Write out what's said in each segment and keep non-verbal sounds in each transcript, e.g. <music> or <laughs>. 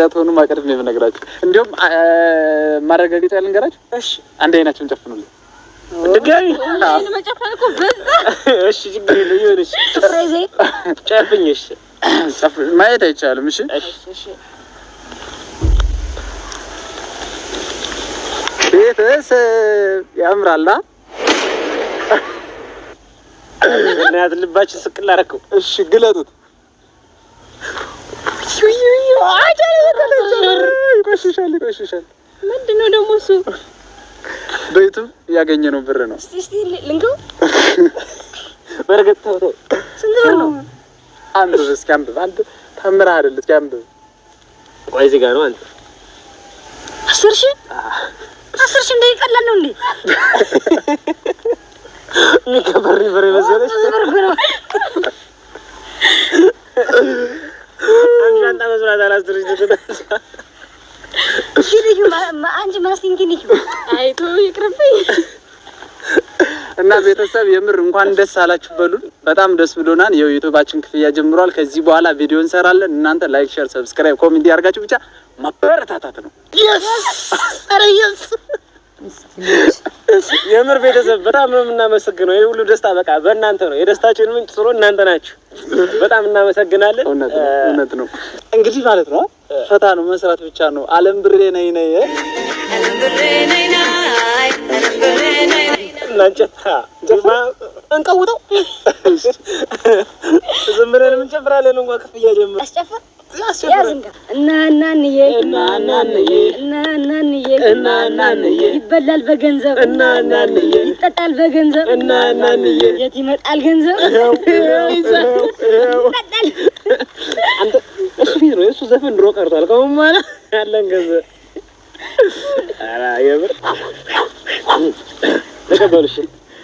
እንዳትሆኑ ማቀድ ነው የምነግራችሁ። እንዲሁም ማረጋገጫ ልንገራችሁ። እሺ አንድ አይናችሁን ጨፍኑልኝ። ድጋሚ እሺ፣ ችግር የለም ይሁን። እሺ ጨፍኝ። እሺ ማየት አይቻልም። እሺ ቤተሰብ ያምራላ ምክንያት ልባችን ስቅል አደረከው። እሺ ግለጡት። ይቆሽሻል ይቆሽሻል። ምንድን ያገኘ ነው ብር ነው። ልንገው ስንት ብር ነው? አንብብ እስኪ አንብብ። አንተ ተምረህ አይደል? እስኪ አንብብ። ቆይ እዚህ ጋር ነው። አንተ አስር ሺህ አስር ሺህ እንደ ይቀላል ነው እንዴ? የሚከበር ብር የመሰለሽ ብር ነው እና ቤተሰብ የምር እንኳን ደስ አላችሁ በሉን። በጣም ደስ ብሎናል። ይኸው ዩቱባችን ክፍያ ጀምሯል። ከዚህ በኋላ ቪዲዮ እንሰራለን። እናንተ ላይክ፣ ሼር፣ ሰብስክራይብ፣ ኮሜንት ያርጋችሁ ብቻ ማበረታታት ነው። <laughs> የምር ቤተሰብ በጣም ነው የምናመሰግነው። ይህ ሁሉ ደስታ በቃ በእናንተ ነው። የደስታችን ምንጭ ጥሩ እናንተ ናችሁ። በጣም እናመሰግናለን። እውነት ነው እንግዲህ ማለት ነው። ፈታ ነው መስራት ብቻ ነው። አለም ብሬ ነይ ነይ እናንጨታ እንቀውጠው ዝም ብለን እንጨፍራለን። እንኳን ክፍያ ጀምር አስጨፍር ይበላል በገንዘብ ይጠጣል በገንዘብ የት ይመጣል ገንዘብ? እሱ ዘፈን ድሮ ቀርቷል። ከሁን በኋላ ያለን ገንዘብ ተቀበሉ።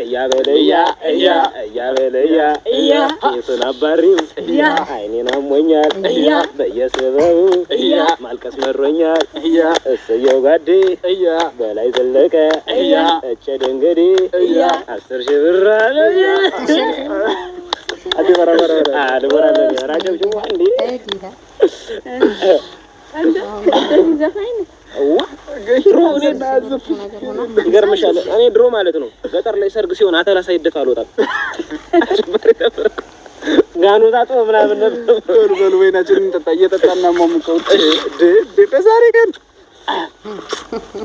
እያበለያ እያ እያበለያ እያ ቄሱን አባሪው እያ አይኔን አሞኛል እያ በየሰበቡ እያ ማልቀስ መሮኛል እያ እሰየው ጋዴ እያ በላይ ዘለቀ እያ እጨ ደንገዴ እያ አስር ሺህ ብር አለ አዲበረበረ ይገርምሻል፣ እኔ ድሮ ማለት ነው ገጠር ላይ ሰርግ ሲሆን አተላ ሳይደፋ አልወጣም። ጋኖታ ጦ ምናምን ነበር። ወይናችን እንጠጣ እየጠጣና ማሙቀው ግን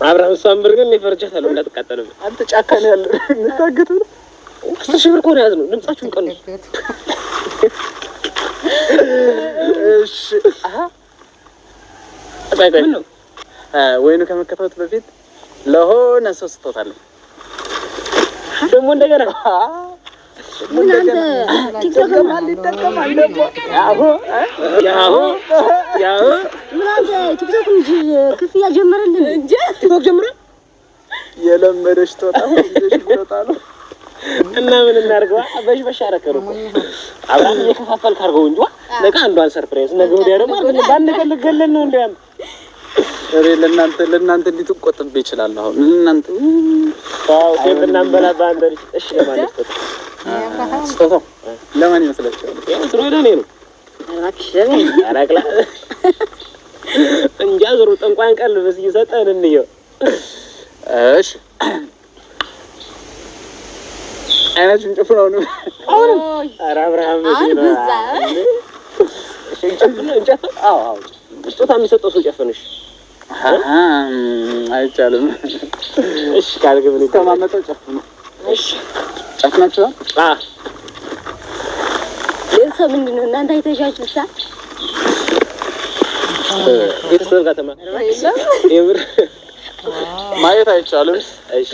አብርሃም እሷን ብር ግን እንዳትቃጠልም። አንተ ጫካ ነው ያለ እንታገት ነው አስር ሺህ ብር ከሆነ ያዝ ነው። ድምጻችሁን ቀንሱ እሺ። ወይኑ ከመከፈቱ በፊት ለሆነ ሰው ስጦታለሁ። ደግሞ እንደገና ቲክቶክ ክፍያ ጀመረልን እንጂ ቲክቶክ ጀምረ የለመደሽ ትወጣ እና ምን እናድርገዋ? በሽ በሽ አረከሩ አሁን እየከፋፈልክ ካርገው እንጂ ለቃ አንዷን ሰርፕራይዝ ነገ ወዲያ ደግሞ በአንድ ነው እንዲያም እሬ ለእናንተ ለእናንተ እንዴት ቆጥብ ይችላል። አሁን እናንተ ታው ከብናም በላ ባንደር እሺ፣ ለማን ይፈጥ ስጦታው ለማን ይመስላችኋል? ስሮ ለኔ ነው። አራክሽኔ አራክላ እንጃ ዞሮ ጠንቋን ቀልብስ እየሰጠን እንየው። እሺ አይናችን ነው አሁን ኧረ አብርሃም እንጨት አዎ አዎ ስጦታ የሚሰጠው ሰው ጨፍንሽ አይቻልም። እሺ ካልግብን ተማመጠው ጨፍኑ። እሺ ቤተሰብ ምንድን ነው እናንተ ብቻ ቤተሰብ የምር ማየት አይቻልም። እሺ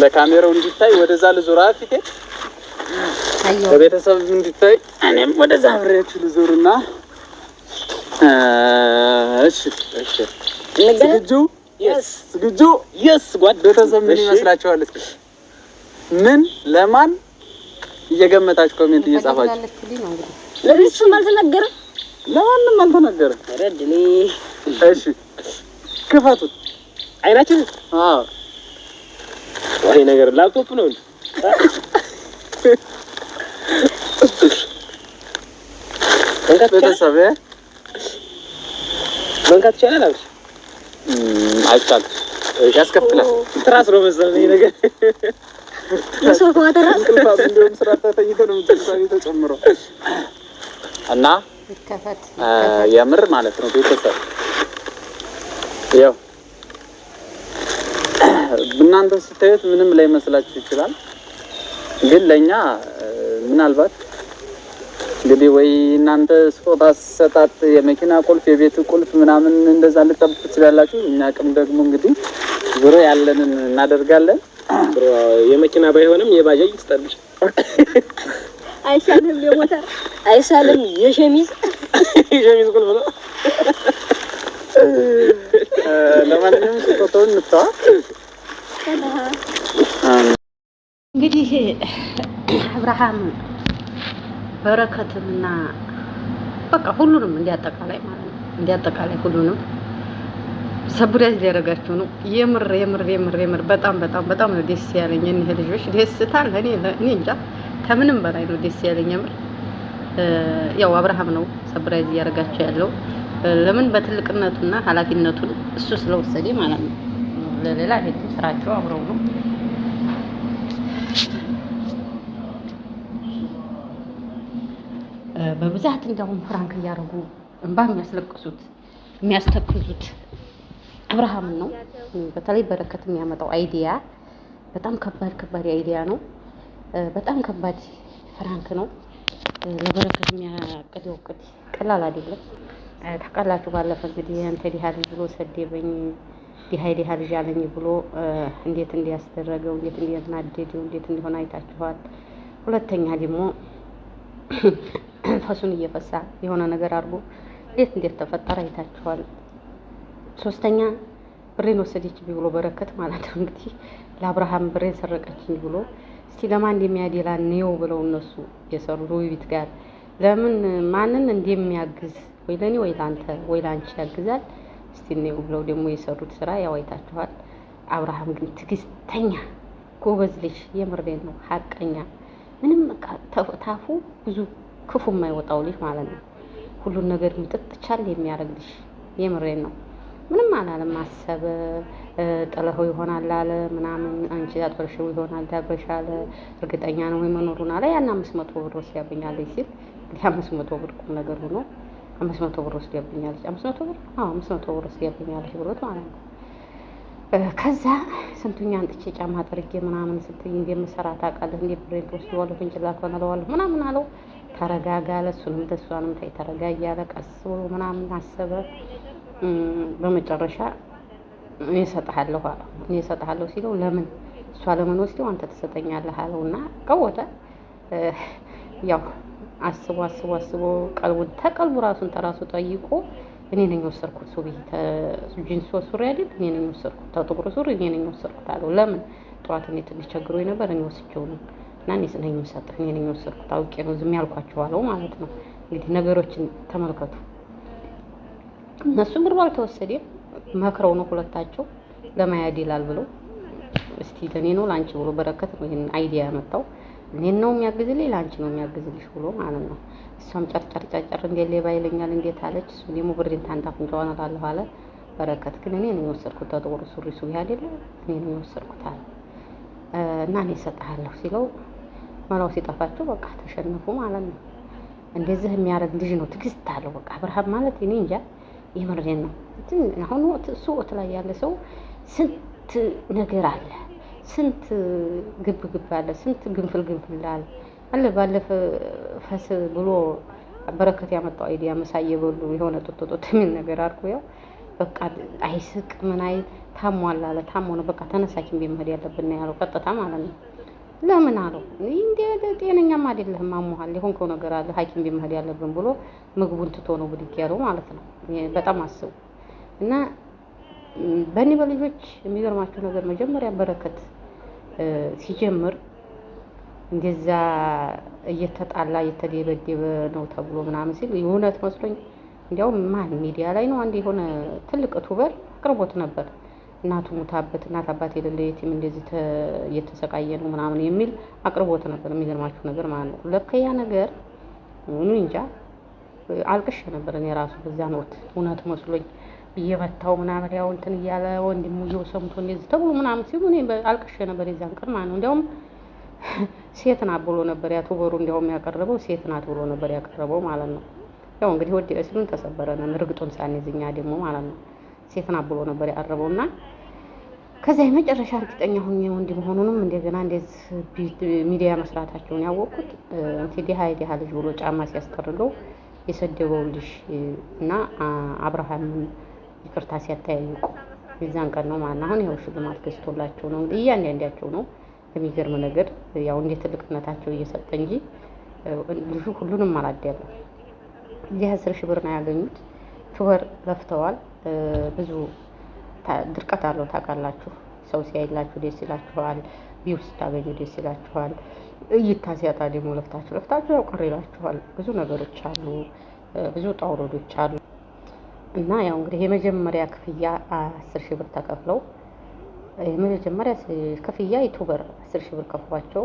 ለካሜራው እንዲታይ ወደዛ ልዙራ ፊቴ ከቤተሰብ እንድታይ እኔም ወደዛ አብሬያችሁ ልዞርና እሺ፣ እሺ፣ ዝግጁ ዝግጁ? የስ ጓድ ቤተሰብ ምን ይመስላችኋል? እስኪ ምን ለማን እየገመታችሁ ኮሜንት እየጻፋችሁ? ለቤተሰብ አልተናገረም፣ ለማንም አልተናገረም። ረድኔ እሺ፣ ክፈቱት አይናችን። አዎ፣ ወይ ነገር ላፕቶፕ ነው ቤተሰብ መንካት ይቻላል። አብሽ አይቻልም፣ ያስከፍላል። ትራስ ነው መሰለኝ ነገር እና የምር ማለት ነው ቤተሰብ ያው <clears throat> እናንተ ስታዩት ምንም ላይ መስላችሁ ይችላል፣ ግን ለእኛ ምናልባት እንግዲህ ወይ እናንተ ስጦታ አሰጣጥ የመኪና ቁልፍ፣ የቤት ቁልፍ ምናምን እንደዛ ልጠብቅ ትችላላችሁ። እኛ አቅም ደግሞ እንግዲህ ዙሮ ያለንን እናደርጋለን። የመኪና ባይሆንም የባጃጅ ስጠልሽ አይሻልም? የሞተር አይሻልም? የሸሚዝ የሸሚዝ ቁልፍ ነው። ለማንኛውም ስጦታውን እንተዋ። እንግዲህ አብርሃም በረከትምና በቃ ሁሉንም እንዲያጠቃላይ ማለት ነው፣ እንዲያጠቃላይ ሁሉንም ሰብሪያዝ ሊያደርጋችሁ ነው። የምር የምር የምር የምር በጣም በጣም በጣም ነው ደስ ያለኝ እኒህ ልጆች ደስታ ለእኔ እኔ እንጃ ከምንም በላይ ነው ደስ ያለኝ የምር። ያው አብርሃም ነው ሰብሪያዝ እያደረጋቸው ያለው ለምን በትልቅነቱና ኃላፊነቱን እሱ ስለወሰደ ማለት ነው። ለሌላ ሄዱ ስራቸው አብረው ነው በብዛት እንደውም ፍራንክ እያደረጉ እንባ የሚያስለቅሱት የሚያስተክዙት አብርሃም ነው። በተለይ በረከት የሚያመጣው አይዲያ በጣም ከባድ ከባድ አይዲያ ነው። በጣም ከባድ ፍራንክ ነው። ለበረከት የሚያቅደው ቅድ ቀላል አይደለም። ታውቃላችሁ፣ ባለፈ እንግዲህ አንተ ዲሃ ልጅ ብሎ ሰደበኝ፣ ዲሃ ዲሃ ልጅ አለኝ ብሎ እንዴት እንዲያስደረገው እንዴት እንዲያናደደው እንዴት እንዲሆን አይታችኋል። ሁለተኛ ደግሞ <clears throat> ፈሱን እየፈሳ የሆነ ነገር አድርጎ እንዴት እንዴት ተፈጠረ አይታችኋል። ሶስተኛ ብሬን ወሰደች ብሎ በረከት ማለት ነው እንግዲህ ለአብርሃም ብሬን ሰረቀችኝ ብሎ እስቲ ለማን እንደሚያደላ ነው ብለው እነሱ የሰሩ ውቢት ጋር ለምን ማንን እንደሚያግዝ ወይ ለኔ ወይ ላንተ ወይ ላንቺ ያግዛል እስቲ ነው ብለው ደግሞ የሰሩት ስራ ያው አይታችኋል። አብርሃም ግን ትግስተኛ ጎበዝ ልጅ የምሬን ነው ሀቀኛ ምንም ታፉ ብዙ ክፉ የማይወጣው ልጅ ማለት ነው። ሁሉን ነገር ምጥጥቻል ቻል የሚያደርግ ልጅ የምሬን ነው። ምንም አላለም። አሰበ ጥለኸው ይሆናል አለ ምናምን፣ አንቺ አጥበሽው ይሆናል ዳብረሻለ እርግጠኛ ነው የመኖሩን አለ። ያን አምስት መቶ ብር ወስድ ያገኛለች ሲል አምስት መቶ ብር ቁም ነገር ሆኖ አምስት መቶ ብር ወስድ ያገኛለች፣ አምስት መቶ ብር አዎ፣ አምስት መቶ ብር ወስድ ያገኛለች ብሎት ማለት ነው። ከዛ ስንቱኛ አንጥቼ ጫማ ጥርጌ ምናምን ስንት እንደምሰራ ታውቃለህ፣ እንደ ብሬን ትወስደዋለህ፣ ከሆነ ለዋለሁ ምናምን አለው። ተረጋጋ አለ። እሱንም ተሷንም ተይ ተረጋጋ አለ። ቀስ ብሎ ምናምን አሰበ። በመጨረሻ እኔ እሰጥሃለሁ አለው። እኔ እሰጥሃለሁ ሲለው ለምን እሷ ለምን ወስደው አንተ ትሰጠኛለህ አለው እና ቀወጠ። ያው አስቦ አስቦ አስቦ ቀልቡን ተቀልቡ ራሱን ተራሱ ጠይቆ እኔ ነኝ ወሰድኩት ሱሪ ጂንስ ሱሪ አይደል እኔ ነኝ ወሰድኩት፣ ጥቁር ሱሪ እኔ ነኝ ወሰድኩት አለው። ለምን ጠዋት እኔ ትንሽ ቸግሮኝ ነበር እኔ ወስጄው ነው እና እኔ ስለ የምሰጥህ እኔ ነኝ የወሰድኩት አውቄ ነው ዝም ያልኳቸው አለው ማለት ነው። እንግዲህ ነገሮችን ተመልከቱ። እነሱ እንግዲህ ባልተወሰደ መክረው ነው ሁለታቸው ለማያዲላል ብለው እስቲ ለእኔ ነው ለአንቺ ብሎ በረከት ነው ይህን አይዲያ ያመጣው። እኔን ነው የሚያግዝልኝ ለአንቺ ነው የሚያግዝልሽ ብሎ ማለት ነው። እሷም ጨርጨርጨርጨር እንዴት ሌባ ይለኛል እንዴት አለች። እሱ ደግሞ ብሬን ታንጣፍንጫዋን እላለሁ አለ በረከት ግን እኔ ነው የወሰድኩት ተጥቁር ሱሪ ሱሪ አይደለ እኔ ነው የወሰድኩት አለ እና እኔ እሰጥሃለሁ ሲለው አስመራው ሲጠፋቸው በቃ ተሸነፉ ማለት ነው። እንደዚህ የሚያደርግ ልጅ ነው። ትግስት አለው። በቃ አብርሃም ማለት እኔ እንጃ የምሬን ነው። አሁን እሱ ሱቆት ላይ ያለ ሰው ስንት ነገር አለ፣ ስንት ግብ ግብ አለ፣ ስንት ግንፍል ግንፍል አለ አለ ባለፈ ፈስ ብሎ በረከት ያመጣው አይዲያ መሳየ እየበሉ የሆነ ጡት ጡት የሚል ነገር አድርጎ ያው በቃ አይስቅ ምን አይል ታሟላለ ታሞ ነው በቃ ተነሳችን ቢመድ ያለብን ያለው ቀጥታ ማለት ነው። ለምን አለው እንደ ጤነኛም አይደለህም፣ አሞሃል፣ የሆንከው ነገር አለ፣ ሐኪም ቤት መሄድ ያለብን ብሎ ምግቡን ትቶ ነው ብድግ ያለው ማለት ነው። በጣም አስቡ እና በእኔ በልጆች የሚገርማችሁ ነገር መጀመሪያ በረከት ሲጀምር እንደዛ እየተጣላ እየተደበደበ ነው ተብሎ ምናምን ሲል የእውነት መስሎኝ እንዲያውም ማን ሚዲያ ላይ ነው አንድ የሆነ ትልቅ ቱበር አቅርቦት ነበር እናቱ ሙታበት እናት አባት የሌለ የቲም እንደዚህ እየተሰቃየ ነው ምናምን የሚል አቅርቦት ነበር። የሚገርማችሁ ነገር ማለት ነው። ለከያ ነገር እኔ እንጃ አልቅሽ ነበር። እኔ ራሱ በዛን ወቅት እውነት መስሎኝ እየመታው ምናምን ያው እንትን እያለ ወንድሙ እየው እንደዚህ ተብሎ ምናምን ሲሉ እኔ አልቅሽ ነበር የዛን ቀን ማለት ነው። እንዲያውም <laughs> ሴት ናት ብሎ ነበር ያቶ በሩ እንዲያውም ያቀረበው ሴት ናት ብሎ ነበር ያቀረበው ማለት ነው። ያው እንግዲህ ወዲ ሲሉን ተሰበረን እርግጡን ሳንይዝኛ ደግሞ ማለት ነው። ሴትና ብሎ ነበር ያቀረበው እና ከዚያ የመጨረሻ እርግጠኛ ሆኜ ወንድ መሆኑንም እንደገና እንደዚህ ሚዲያ መስራታቸውን ያወቅኩት እንግዲህ ሀይዲ ልጅ ብሎ ጫማ ሲያስጠርገው የሰደበው ልጅ እና አብርሃምን ይቅርታ ሲያጠያይቁ የዛን ቀን ነው ማለት አሁን ያው ሽልማት ገዝቶላቸው ነው እንግዲህ እያንዳንዳቸው ነው የሚገርም ነገር ያው እንደ ትልቅነታቸው እየሰጠ እንጂ ልጁ ሁሉንም አላደለም። እዚህ አስር ሺህ ብር ነው ያገኙት። ትወር ለፍተዋል። ብዙ ድርቀት አለው ታውቃላችሁ። ሰው ሲያይላችሁ ደስ ይላችኋል። ቢው ስታገኙ ደስ ይላችኋል። እይታ ሲያጣ ደግሞ ለፍታችሁ ለፍታችሁ ያው ቅር ይላችኋል። ብዙ ነገሮች አሉ፣ ብዙ ውጣ አሉ እና ያው እንግዲህ የመጀመሪያ ክፍያ አስር ሺህ ብር ተከፍለው የመጀመሪያ ክፍያ ዩቱበር አስር ሺህ ብር ከፍሏቸው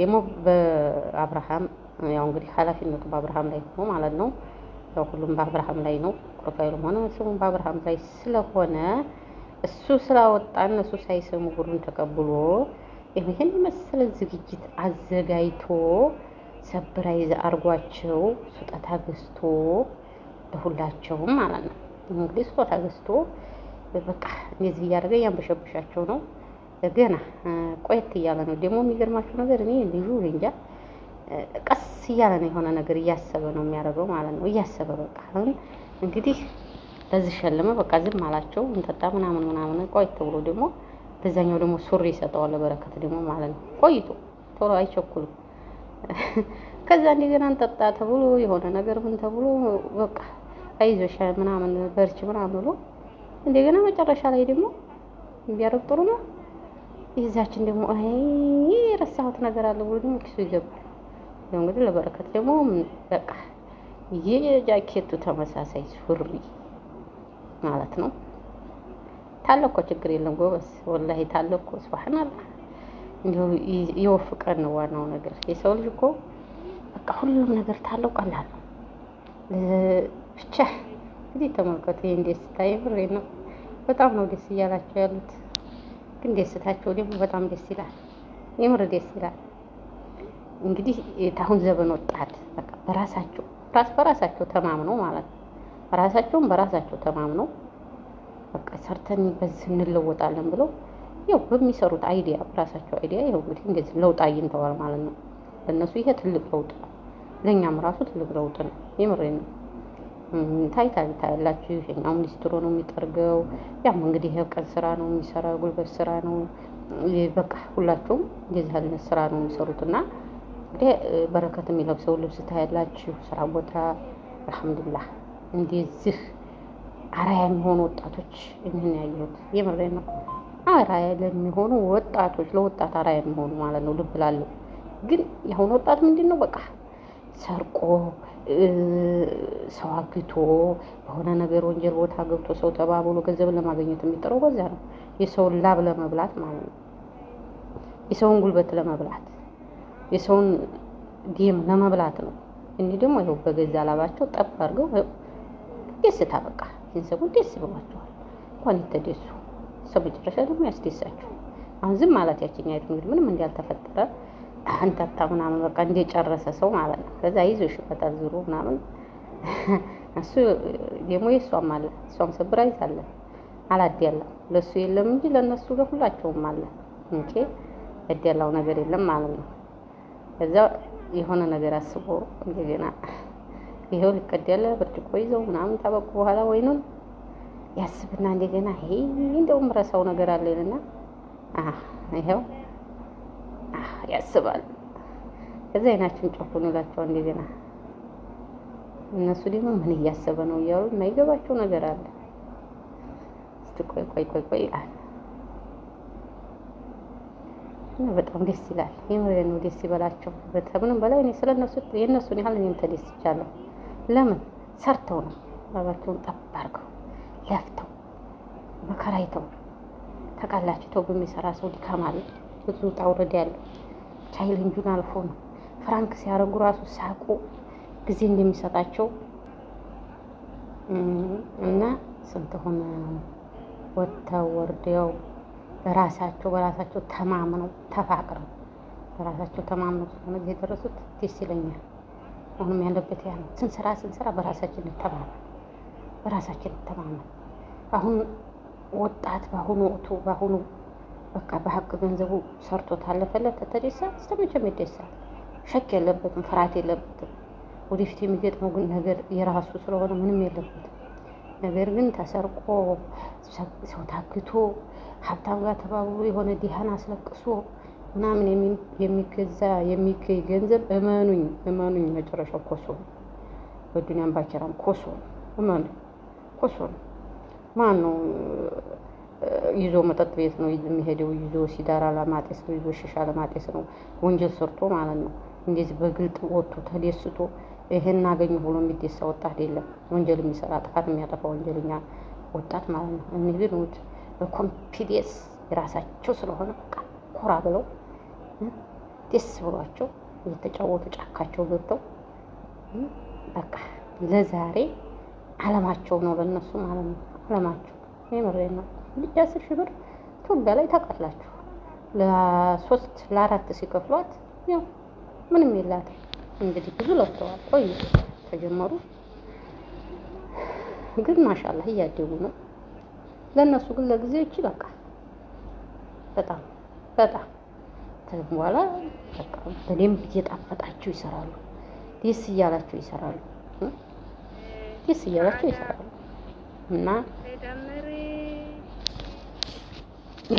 ደግሞ በአብርሃም ያው እንግዲህ ኃላፊነቱ በአብርሃም ላይ ነው ማለት ነው ያው ሁሉም በአብርሃም ላይ ነው። ፕሮፋይሉም ሆነ ስሙም በአብርሃም ላይ ስለሆነ እሱ ስላወጣን እሱ ሳይሰሙ ጉሩን ተቀብሎ ይህን የመሰለ ዝግጅት አዘጋጅቶ ሰብራይዝ አርጓቸው ስጦታ ገዝቶ ለሁላቸውም ማለት ነው። እንግዲህ ስጦታ ገዝቶ በቃ እንደዚህ እያደረገ እያንበሸብሻቸው ነው። ገና ቆየት እያለ ነው ደግሞ የሚገርማቸው ነገር እኔ ልዩ እንጃ ቀስ እያለ ነው የሆነ ነገር እያሰበ ነው የሚያደርገው ማለት ነው። እያሰበ በቃ አሁን እንግዲህ በዚህ ሸልመ በቃ ዝም አላቸው እንጠጣ ምናምን ምናምን ቆይ ተብሎ ደግሞ በዛኛው ደግሞ ሱሪ ይሰጠዋል በረከት ደግሞ ማለት ነው። ቆይቶ ቶሎ አይቸኩልም። <laughs> ከዛ እንደገና እንጠጣ ተብሎ የሆነ ነገር ምን ተብሎ በቃ አይዞሽ ምናምን በርች ምናምን ብሎ እንደገና መጨረሻ ላይ ደግሞ ቢያደርግ ጥሩ ነው። ይዛችን ደግሞ አይ የረሳሁት ነገር አለ ብሎ ደግሞ ኪሱ ይገባል። ነው እንግዲህ ለበረከት ደግሞ በቃ የጃኬቱ ተመሳሳይ ሱሪ ማለት ነው። ታለኮ ችግር የለም ጎበስ፣ ወላሂ ታለኮ ስብሐናላ። እንዲሁ ይወፍቀን ነው ዋናው ነገር። የሰው ልጅ እኮ በቃ ሁሉም ነገር ታለው ቀላል ነው ብቻ። እንግዲህ ተመልከቱ ይህን ደስታዬ ብሬ ነው። በጣም ነው ደስ እያላቸው ያሉት፣ ግን ደስታቸው ደግሞ በጣም ደስ ይላል። የምር ደስ ይላል። እንግዲህ የታሁን ዘበን ወጣት በቃ በራሳቸው ራስ በራሳቸው ተማምነው ማለት ነው። ራሳቸውን በራሳቸው ተማምነው በቃ ሰርተን በዚህ እንለወጣለን ብለው ያው በሚሰሩት አይዲያ በራሳቸው አይዲያ ያው እንግዲህ እንደዚህ ለውጥ አግኝተዋል ማለት ነው። ለእነሱ ይሄ ትልቅ ለውጥ ነው። ለእኛም ራሱ ትልቅ ለውጥ ነው። የምሬ ነው። ታይታ ቢታ ይሄኛው ሚኒስትሮ ነው የሚጠርገው። ያም እንግዲህ ቀን ስራ ነው የሚሰራ ጉልበት ስራ ነው። በቃ ሁላቸውም እንደዚህ አይነት ስራ ነው የሚሰሩትና እንግዲህ በረከት የሚለብሰው ልብስ ታያላችሁ። ስራ ቦታ አልሐምዱላህ እንደዚህ አራያ የሚሆኑ ወጣቶች እንን ያየሁት የምሬ ነው። አራያ ለሚሆኑ ወጣቶች ለወጣት አራያ የሚሆኑ ማለት ነው። ልብ ላለው ግን የአሁኑ ወጣት ምንድን ነው በቃ ሰርቆ ሰው አግቶ በሆነ ነገር ወንጀል ቦታ ገብቶ ሰው ተባብሎ ገንዘብን ለማግኘት የሚጠረው በዚያ ነው። የሰውን ላብ ለመብላት ማለት ነው። የሰውን ጉልበት ለመብላት የሰውን ደም ለመብላት ነው። እኔ ደግሞ ይኸው በገዛ ላባቸው ጠብ አድርገው ደስታ በቃ ሲንሰጉን ደስ ብሏቸዋል። እንኳን የተደሱ ሰው መጨረሻ ደግሞ ያስደሳቸው። አሁን ዝም ማለት ያችኛ አይቱ እንግዲህ ምንም እንዳልተፈጠረ አንተታ ምናምን በቃ እንደጨረሰ ሰው ማለት ነው። ከዛ ይዞ ይሽበታል ዙሩ ምናምን እሱ ደግሞ የእሷም አለ እሷም ሰብራይዝ አለ አላድ ለእሱ የለም እንጂ ለእነሱ ለሁላቸውም አለ እንጂ እድ ነገር የለም ማለት ነው። ከዛ የሆነ ነገር አስቦ እንደገና ይሄው ያለ ብርጭቆ ይዘው ምናምን ታበቁ በኋላ ወይኑን ያስብና እንደገና ይሄ እንደውም ረሳው ነገር አለና ይኸው ያስባል። ከዛ አይናችን ጨፉን ይላቸው እንደገና እነሱ ደግሞ ምን እያሰበ ነው እያሉ የማይገባቸው ነገር አለ። እስቲ ቆይ ቆይ ቆይ ቆይ ይላል። እና በጣም ደስ ይላል። የምሬ ነው። ደስ ይበላቸው። ከምንም በላይ እኔ ስለነሱ የእነሱን ያህል እኔም ተደስቻለሁ። ለምን ሰርተው ነው ባባቸውን ጠብ አርገው ለፍተው መከራይተው ተቃላችሁ ተው በሚሰራ ሰው ድካም ብዙ ውጣ ያለው ቻይለንጁን አልፎ ነው። ፍራንክ ሲያደርጉ ራሱ ሳቁ ጊዜ እንደሚሰጣቸው እና ስንት ሆነ ወጥተው ወርደው በራሳቸው በራሳቸው ተማምነው ተፋቅረው በራሳቸው ተማምነው ስለሆነ የደረሱት ደስ ይለኛል። አሁንም ያለበት ያ ነው። ስንሰራ ስንሰራ በራሳችን እንተማመን፣ በራሳችን እንተማመን። አሁን ወጣት በአሁኑ ወቅቱ በአሁኑ በቃ በሀቅ ገንዘቡ ሰርቶ ታለፈለት ተደሳ ስተመቸም ይደሳል። ሸክ የለበትም፣ ፍርሃት የለበትም። ወደፊት የሚገጥመው ግን ነገር የራሱ ስለሆነ ምንም የለበትም። ነገር ግን ተሰርቆ ሰው ታግቶ ሀብታም ጋር ተባብሮ የሆነ ድሃን አስለቅሶ ምናምን የሚገዛ የሚገኝ ገንዘብ እመኑኝ እመኑኝ መጨረሻው ኮሶ ነው። በዱኒያም ባኪራም ኮሶ ነው። እመኑ ኮሶ ነው። ማን ነው ይዞ መጠጥ ቤት ነው የሚሄደው? ይዞ ሲዳራ ለማጤስ ነው፣ ይዞ ሽሻ ለማጤስ ነው። ወንጀል ሰርቶ ማለት ነው። እንደዚህ በግልጥ ወጥቶ ተደስቶ ይሄን አገኘ ብሎ የሚደሳ ወጣት የለም። ወንጀል የሚሰራ ጥፋት የሚያጠፋ ወንጀለኛ ወጣት ማለት ነው። እነዚህ ልጆች በኮንፊደንስ የራሳቸው ስለሆነ ኮራ ብለው ደስ ብሏቸው የተጫወቱ ጫካቸው ገብተው በቃ ለዛሬ አለማቸው ነው ለነሱ ማለት ነው። አለማቸው የምሬ ነው። ልጅ አስር ሺህ ብር ኢትዮጵያ ላይ ታውቃላችሁ፣ ለሶስት ለአራት ሲከፍሏት ያው ምንም የላትም። እንግዲህ ብዙ ለፍተዋል ቆዩ ተጀመሩ ግን ማሻላህ እያደጉ ነው። ለእነሱ ግን ለጊዜው እቺ በቃ በጣም በጣም በኋላ በቃ በደንብ እየጣፈጣቸው ይሰራሉ። ደስ እያላቸው ይሰራሉ። ደስ እያላቸው ይሰራሉ እና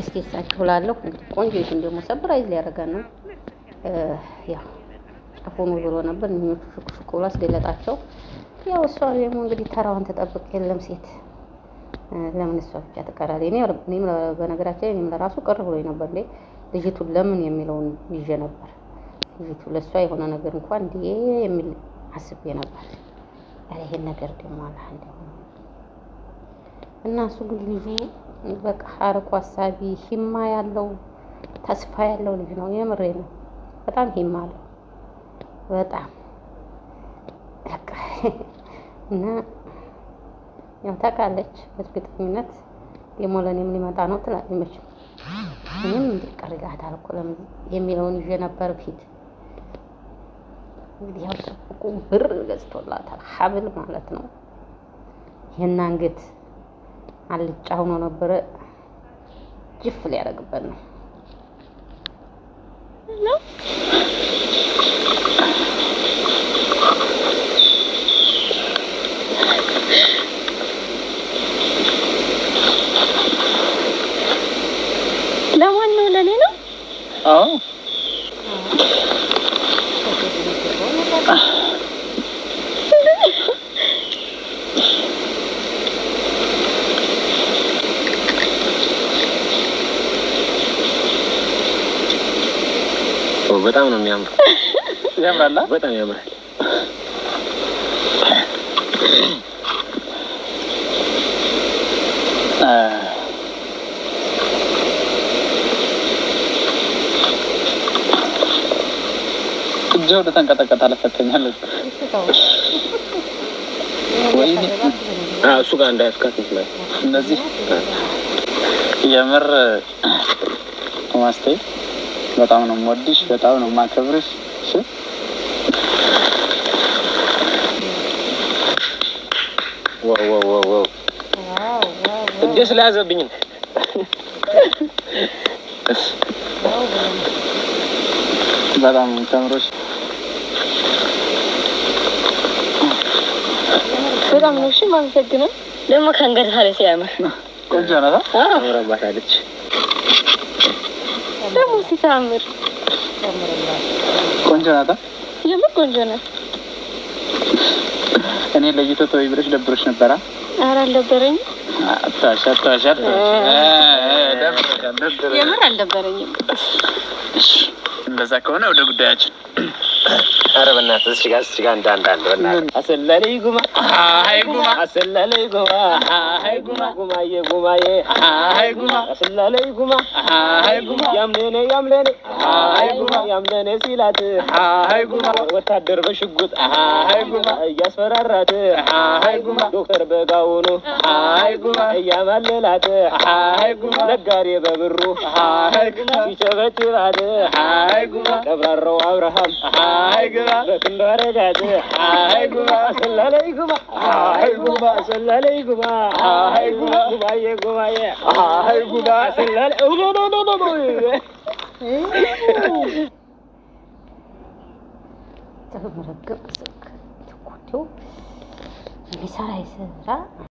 እስኪ እሳቸው ላለሁ ቆንጆ ይሁን ደግሞ ሰብራይዝ ሊያደርገን ነው ያው ሆኑ ብሎ ነበር። እኞቹ ሽቅሽቅ ብሎ አስደለጣቸው። ያው እሷ ደግሞ እንግዲህ ተራዋን ተጠብቅ የለም ሴት ለምን እሷ ብቻ ትቀራለች? እኔም በነገራችን ላይ እኔም ለራሱ ቅር ብሎኝ ነበር። ላይ ልጅቱን ለምን የሚለውን ይዤ ነበር። ልጅቱ ለእሷ የሆነ ነገር እንኳን እንዲ የሚል አስቤ ነበር። ይሄን ነገር ደግሞ አላህ እና እሱ ግን ልጁ በቃ አርቆ አሳቢ ሂማ ያለው ተስፋ ያለው ልጅ ነው። የምሬ ነው። በጣም ሂማ አለው። በጣም እና ያው ታውቃለች በእርግጠኝነት ደግሞ ለእኔም ሊመጣ ነው ትላለች። እኔም እንዲቀርጋት አልኩለም የሚለውን ይዤ ነበር ፊት እንግዲህ ያው ጥብቁ ብር ገዝቶላታል፣ ሀብል ማለት ነው። ይህን አንገት አልጫ ሆኖ ነበረ ጅፍ ሊያደርግበት ነው። ờ በጣም ነው የሚያምረው። ያምራል፣ በጣም ያምራል። ልጅ ወደ ተንቀጠቀጠ አለፈተኛለች እሱ ጋር እንዳያስካት ይችላል። እነዚህ የምር ማስቴ በጣም ነው የምወድሽ፣ በጣም ነው የማከብርሽ። እንዴ ስለያዘብኝ በጣም ተምሮች በጣም ነው እሺ። ማመሰግነው ደግሞ ከአንገት ላይ ሲያምር ቆንጆ ናት። አምራባታለች ደግሞ ሲታምር ቆንጆ ናት። የምር ቆንጆ ናት። እኔ ለይቶ ተወይ ብለሽ ደብሮሽ ነበራ? ኧረ አልደበረኝም። አታሽ አታሽ የምር አልደበረኝም። እንደዛ ከሆነ ወደ ጉዳያችን ኧረ በእናትህ እዚህ ጋር እዚህ ጋር እንዳንዳንድ በእናትህ አሰለለይ ጉማ አይ ጉማ አሰለለይ ጉማ አይ ጉማ ጉማዬ ጉማዬ አይ ጉማ አሰለለይ ጉማ አይ ጉማ ያምለኔ ያምለኔ አይ ጉማ ያምለኔ ሲላት አይ ጉማ ወታደር በሽጉጥ አይ ጉማ እያስፈራራት አይ ጉማ ዶክተር በጋውኑ አይ ጉማ እያማለላት አይ ጉማ ነጋዴ በብሩ አይ ጉማ ሲጨበጭባት አይ ጉማ ቀብራራው አብርሃም አይ 그만 설날에 가자 아이고마 설날에 이구마 아이고마 설날에 이구마 아이고마 구마예 구마예 아이고마 설날에 오노노노노노 저거 뭐라 급속 좋고 좋 여기 살아있으라